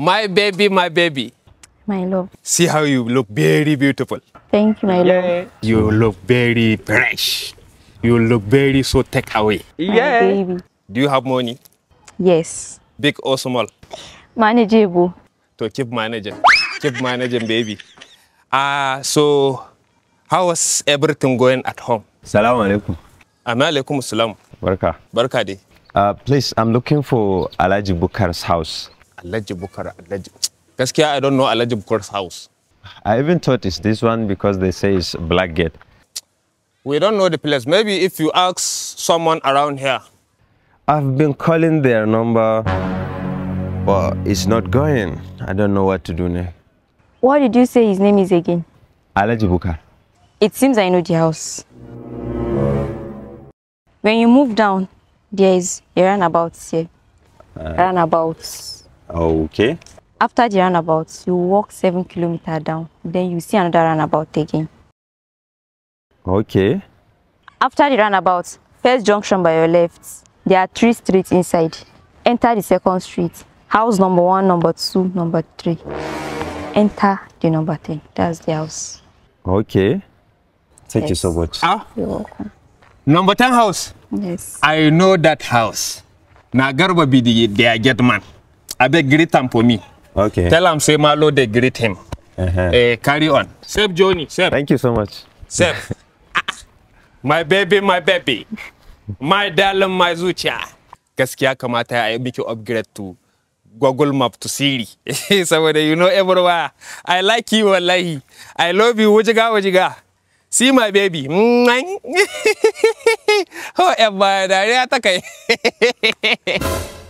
My baby, my baby. My love. See how you look very beautiful. Thank you, my yeah. love. You look very fresh. You look very so take away. Yeah. My baby. Do you have money? Yes. Big or small? Manageable. To keep managing. keep managing, baby. Ah, uh, so how was everything going at home? Salaam alaikum. alaikum salam. Barka. Barka dai. Uh, please, I'm looking for Alaji Bukar's house. Alaji Bukar, Alaji. I don't know Alaji Bukar's house. I even thought it's this one because they say it's Black Gate. We don't know the place. Maybe if you ask someone around here. I've been calling their number, but it's not going. I don't know what to do now. What did you say his name is again? Alaji It seems I know the house. When you move down, there is a runabout here. Uh, runabout. Okay. After the roundabout, you walk seven kilometers down. Then you see another roundabout again. Okay. After the roundabout, first junction by your left, there are three streets inside. Enter the second street. House number one, number two, number three. Enter the number 10. That's the house. Okay. Thank yes. you so much. Ah? You're welcome. Number 10 house? Yes. I know that house. Now, Garba be the, their man. abeg greet am for me okay tell am say malo dey greet him uh -huh. uh, eh, carry on sef johnny sef thank you so much sef my baby my baby my darling my zuciya gaskiya kamata ya make you upgrade to Google Map to Siri saboda you know everywhere. I like you wallahi. I love you wajiga wajiga. See my baby. Ho yan ba dariya ta kai.